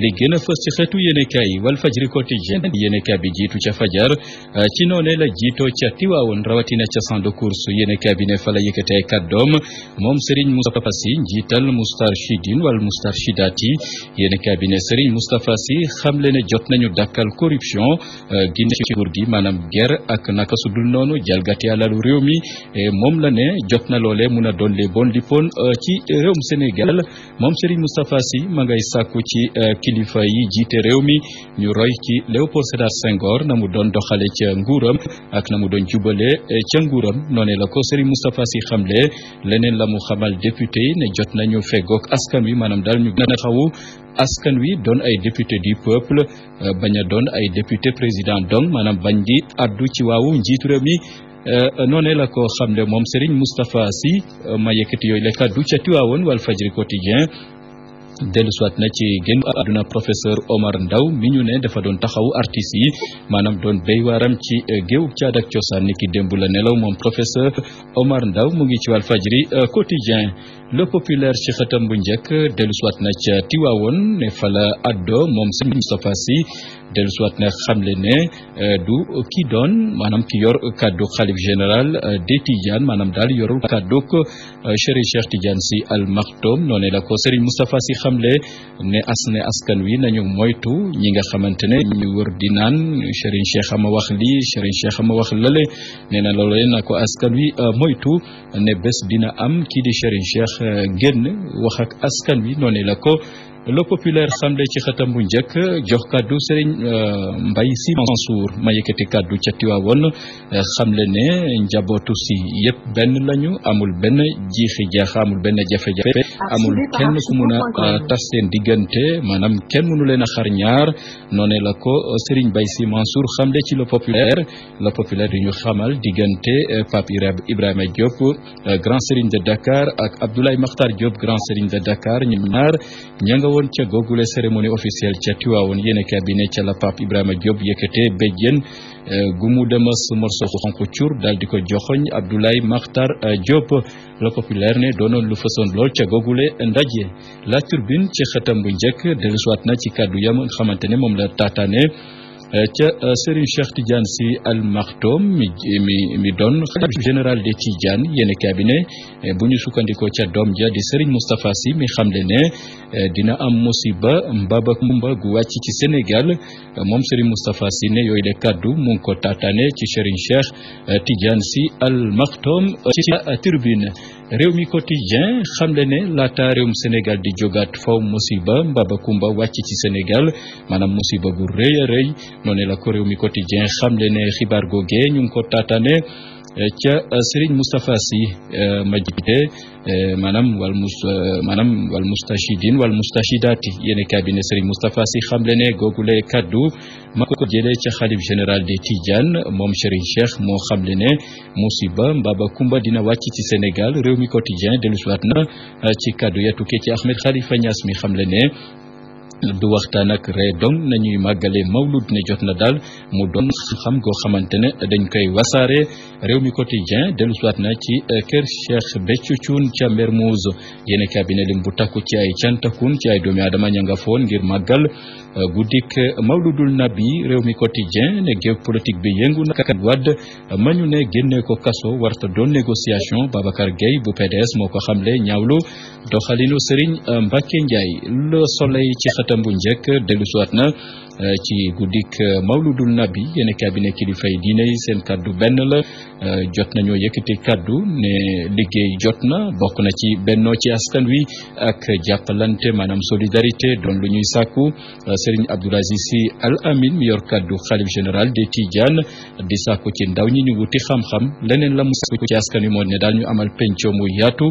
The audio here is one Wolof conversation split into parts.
li gën a fës ci xeetu yéenekaay yi wal fajri quotidien yéenekaay bi jiitu ca fajar ah, ci noonee la jiitoo ca Tiwaawoon rawatina ca champ de course yéenekaay bi ne fa la yëkkatee kàddoom moom Serigne Moustapha Sy njiital Moustarchidine wal Moustarchidati yéenekaay ne Serigne Moustapha Sy xamle ne jot nañu dakkal corruption ah, ginne ci nguur gi maanaam ger ak naka su dul noonu jalgati alalu réew mi moom la ne jot na loole mun a doon les bonnes lippoon ah, ci réewum Sénégal moom Serigne Moustapha Sy ma ngay sàkku ci kilifa yi jiite réew mi ñu roy ci Léopold Sédar Senghor na mu doon doxale ca nguuram ak na mu doon jubale eh, ca nguuram noone la ko Serigne Moustapha Sy xamle leneen la mu xamal député yi ne jot nañu feggoog askan wi maanaam daal ñu gën a taxawu askan wi doon ay député du peuple eh, bañ a doon ay député président donc maanaam bañ di addu ci waawu njiitu réew mi eh, noonee la ko xam ne moom seriñ Moustapha si ma yëkkati yooyu la kaddu ca Tiwaawoon Walfadjri Quotidien dellu na ci génn àdduna professeur Omar Ndaw mi ñu ne dafa doon taxaw artistes yi maanaam doon béy waaram ci euh, géew caada ak cosaan ni ki démb la nelaw moom professeur Omar Ndaw mu ngi ci wàllu fajri euh, quotidien le populaire ci xëtam bu njëkk dellu soit na ca Tiwaawoon ne fa la addo moom sëñ Moustapha Sy dellu siwaat na xamle ne euh, du ki doon maanaam ki yor kaddu xalif général euh, de Tidiane maanaam daal yorul kaddu Serigne euh, Cheikh Tidiane si Al Maktoum noonu la ko Serigne Moustapha Sy xamle ne as ne askan wi nañu moytu ñi nga xamante ne ñu wër di naan Serigne Cheikh ama wax lii Serigne Cheikh ama wax lale nee na loolee na ko askan wi moytu ne bés dina am kii di Serigne Cheikh génn wax askan wi noonu la ko. le populaire samedi ci xëtam bu njëkk jox kàddu sëriñ euh, Mbaye Sy Mansour ma yëkkati kàddu ca euh, xam le ne njabootu si yëpp benn lañu amul benn jiixi jaaxa amul benn jafe-jafe amul kenn ku mun a euh, tas seen diggante maanaam kenn mënu leen a xar ñaar noonee la ko sëriñ Mbaye Sy Mansour xamle ci le populaire le populaire yu ñu xamal diggante Pape Ibrahima Diop grand sëriñ de Dakar ak Abdoulaye Makhtar Diop grand sëriñ de Dakar ñoom ñaar woon ca googule cérémonie officielle ca Tiwaawoon yéen cabinet ca la Pape Ibrahima Diop yëkkate béjjén euh, gu mu demas morso xonq cuur daal di ko joxoñ Abdoulaye Makhtar euh, Diop la populaire ne doonoon lu fësoon lool ca googule ndaje la turbine ci xëtam bu njëkk dellusiwaat na ci kaddu yam xamante ne moom la taataane Euh, ca euh, Serigne Cheikh Tidiane si Al Maktoum mi doon xalifa général des Tidiane yéen cabinet euh, bu ñu sukkandikoo ca doom ja di Serigne Moustapha Sy mi xamle ne dina am musiba mbaba kumba gu wàcc ci Sénégal moom Serigne Moustapha Sy ne yooyu de kàddu mu ngi ko taataane ci Serigne Cheikh Tidiane si Al Maktoum ci tribune réew mi quotidien xam le ne laata réewum Sénégal di jogaat faw musiba mbabakumba wàcc ci Sénégal maanaam musiba gu rëy a rëy noonu la ko réew mi quotidien xam le ne xibaar googee ñu ngi ko taataane Eh, ca eh, Serigne Moustapha Sy eh, Majigite maanaam wal mus maanaam wal mustachidin wal mustachidaati yéen cabinet Serigne Moustapha Sy xamle ne googule kaddu ma ko jëlee ca xalif général de Tidiane moom Serigne Cheikh moo xamle ne musiba mbaba kumba dina wàcc ci Sénégal réew mi quotidien dellusiwaat na ci kaddu ya tukkee ci Ahmed Khalifa Niass mi xamle ne du waxtaan ak ree dong nañuy màggale mawlud ne jot na daal mu doon xam goo xamante ne dañ koy wasaare réew mi quotidien dellu siwaat na ci eh, kër Cheikh Béthio Thioune ca Mermoz yéen cabinet lim bu takku ci ay cantakun ci ay doomi aadama ña nga foon ngir màggal gu eh, guddik eh, mawludul nabi réew mi quotidien ne géew politique bi yëngu na kat wadd mañu ne génnee ko kaso warta doon négociation Babacar Gueye bu PDS moo ko xamle ñaawlu doxalinu Serigne Mbacké Ndiaye le soleil ci xëtam bu njëkk dellusiwaat na ci guddik euh, mawludul nabi yéen cabinet kilifay diine yi seen kaddu benn la euh, jot nañoo yëkkati kaddu ne liggéey jot na bokk na ci bennoo ci askan wi ak jàppalante maanaam solidarité don lu ñuy sàkku euh, Serigne Abdoul si Al Amin mi yor kaddu xalif général des Tidianes di sàkku ci ndaw ñi ñu wuti xam-xam leneen la mu sàkku ci askan wi moo ne daal ñu amal penco mu yaatu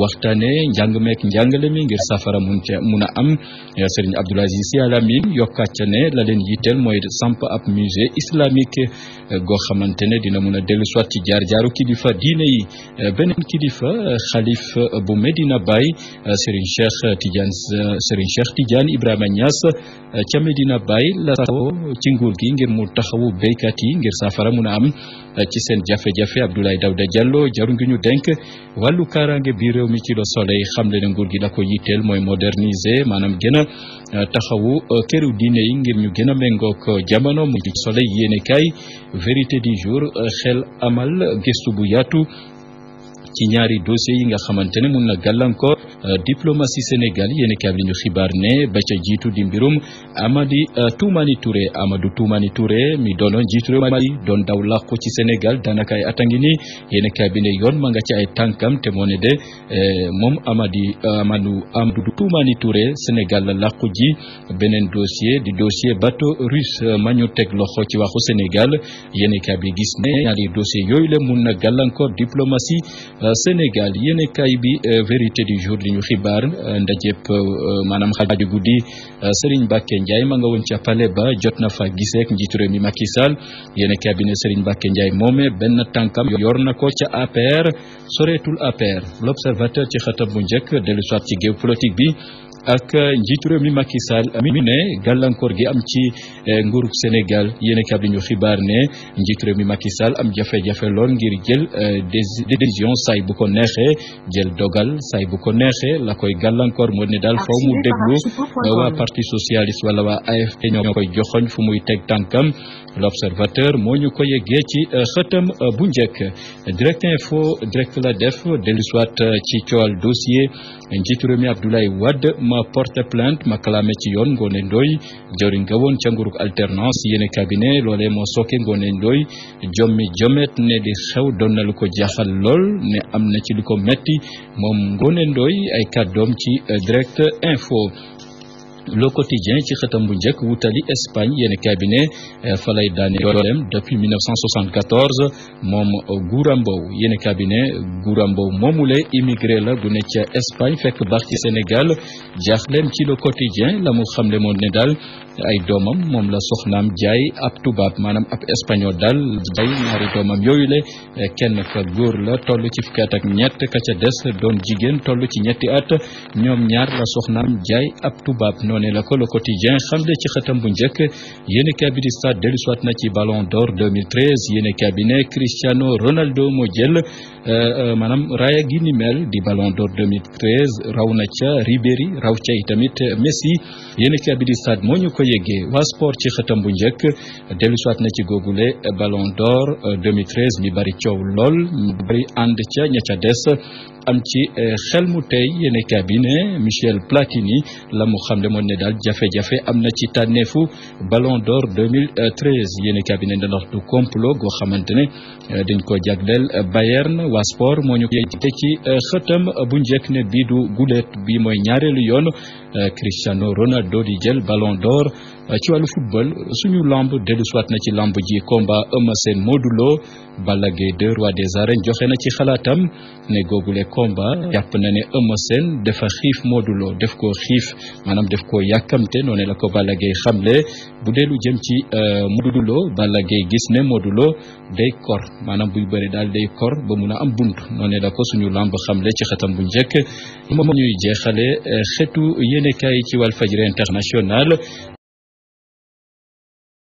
waxtaane njàng meek njàngale mi ngir safara mun a am Serigne Abdoul Aziz Al Amin yokkaat ne la leen yitteel mooy samp ab musée islamique eh, goo xamante ne dina mun a dellu soit ci jaar-jaaru kilifa diine yi eh, beneen kilifa eh, xalif bu Medina Baye Serigne Cheikh Tidiane Serigne Cheikh Tidiane Ibrahima Niass ca Medina Baye la saxoo ci nguur gi ngir mu taxawu béykat yi ngir saafara mun a am ci seen jafe-jafe Abdoulaye Daouda Diallo jaru ngi ñu denk wàllu kaaraange biir réew mi ci Le Soleil xam le ne nguur gi la ko mooy moderniser maanaam gën taxawu këru diine ñu gën a méngoog jamono mu ci soleil yéene kaay vérité du jour xel amal gëstu bu yaatu ci ñaari dossiers yi nga xamante ne na gàllankoor Euh, diplomatie Sénégal yéen kaab li ñu xibaar ne ba ca jiitu di mbirum Amadi euh, Toumani Touré Amadou Toumani Touré mi doonoon jiitu réew doon daw làqu ci Sénégal daanaka ay atangi ni yéen bi ne yoon ma nga ci ay tànkam te moo ne de euh, moom Amadi Amadou Amadou Toumani Touré Sénégal la làqu ji beneen dossier di dossier bateau russe ma ñu teg loxo ci waxu Sénégal yéen bi gis ne ñaari dossier yooyu la mun na gàllankoor diplomatie Sénégal yéen bi vérité du jour suñu xibaar euh, ndajeb euh, maanaam xaaju guddi euh, Serigne Mbacke Ndiaye ma nga woon ca Palais ba jot na fa giseek njiitu réew mi Macky Sall yéen cabinet Serigne Mbacke Ndiaye moome benn tànkam yor na ko ca APR soreetul APR l'observateur ci xëtam bu njëkk dellu soit ci géew politique bi ak njiitu réew mi Macky Sall ne gàllankoor gi am ci eh, nguurub Sénégal yéen a ñu xibaar ne njiitu réew mi Macky Sall am jafe-jafe lool ngir jël eh, décision saay bu ko neexee jël dogal saay bu ko neexee la koy gàllankoor moo ne daal faw mu déglu waa parti socialiste wala waa AFP ñoo koy joxoñ fu muy teg tànkam l'observateur moo ñu ko yeggee ci eh, xëtam bu njëkk direct info direct la def dellu soit ci coowal dossier njiitu réew mi porté plainte ma clamé ci yoon Ngoné ndooy jëriñ nga woon ca nguurug alternance yéene cabinet loolee moo sooke Ngoné Ndoye jommi jomet ne di xew doon na lu ko jaaxal lool ne am na ci lu ko metti moom Ngoné Ndoye ay kàddoom ci euh, direct info Le Quotidien ci xëtam bu njëkk wutali Espagne yenn cabinet eh, fa lay daane dooleem depuis 1974 moom Gourambow yenn cabinet Gourambow moomule immigré la gu ne ca Espagne fekk baax ci Sénégal jaaxleem ci Le Quotidien la mu xamle moon ne daal ay doomam moom la soxnaam jaay ab tubaab maanaam ab espagnol daal jaay ñaari doomam yooyu le eh, kenn ka góor la toll ci fukki ak ñett ka ca des doon jigéen toll ci ñetti at ñoom ñaar la soxnaam jaay ab tubaab noonee la ko le quotidien xamle ci xëtam bu njëkk yéen a kabi di stade dellusiwaat na ci Ballon d'Or 2013 yéen a kabinet Cristiano Ronaldo moo jël euh, euh, maanaam raaya gi ni mel di Ballon d'Or 2013 raw na ca Ribéry raw ca itamit Messi yéen a kabi stade moo ñu ko yeggee waa sport ci xëtam bu njëkk dellusiwaat na ci googule Ballon d'Or 2013 euh, mi bari coow lool mi bari ànd ca ña ca des am ci xel mu tey yéen a kabinet Michel Platini la mu xamle moo xamoon ne daal jafe-jafe am na ci tànneefu Ballon d'Or 2013 yéen cabinet de ndax du complot goo xamante ne euh, dañ ko jagleel Bayern waa sport moo ñu te ci euh, xëtam bu njëkk ne bii du guleet bii mooy ñaareelu yoon Euh, Cristiano Ronaldo di jël ballon d'or euh, ci wàllu football suñu lamb dellu soit na ci lamb ji combat Eumeu Sène Modou Lo Balla Gaye 2 roi des arènes joxe na ci xalaatam ne googule komba jàpp na ne Eumeu Sène dafa xiif Modou def ko xiif maanaam def ko yàkkamte noonu la ko Balla Gaye xamle bu delu jëm ci euh, Modou Lo Balla Gaye gis ne modulo day kor maanaam buy bëri daal day kor ba mun a am bunt noonu la ko suñu lamb xamle ci xatam bu njëkk moom ñuy jeexale xetu yéen yéenekaay ci Walfadjri international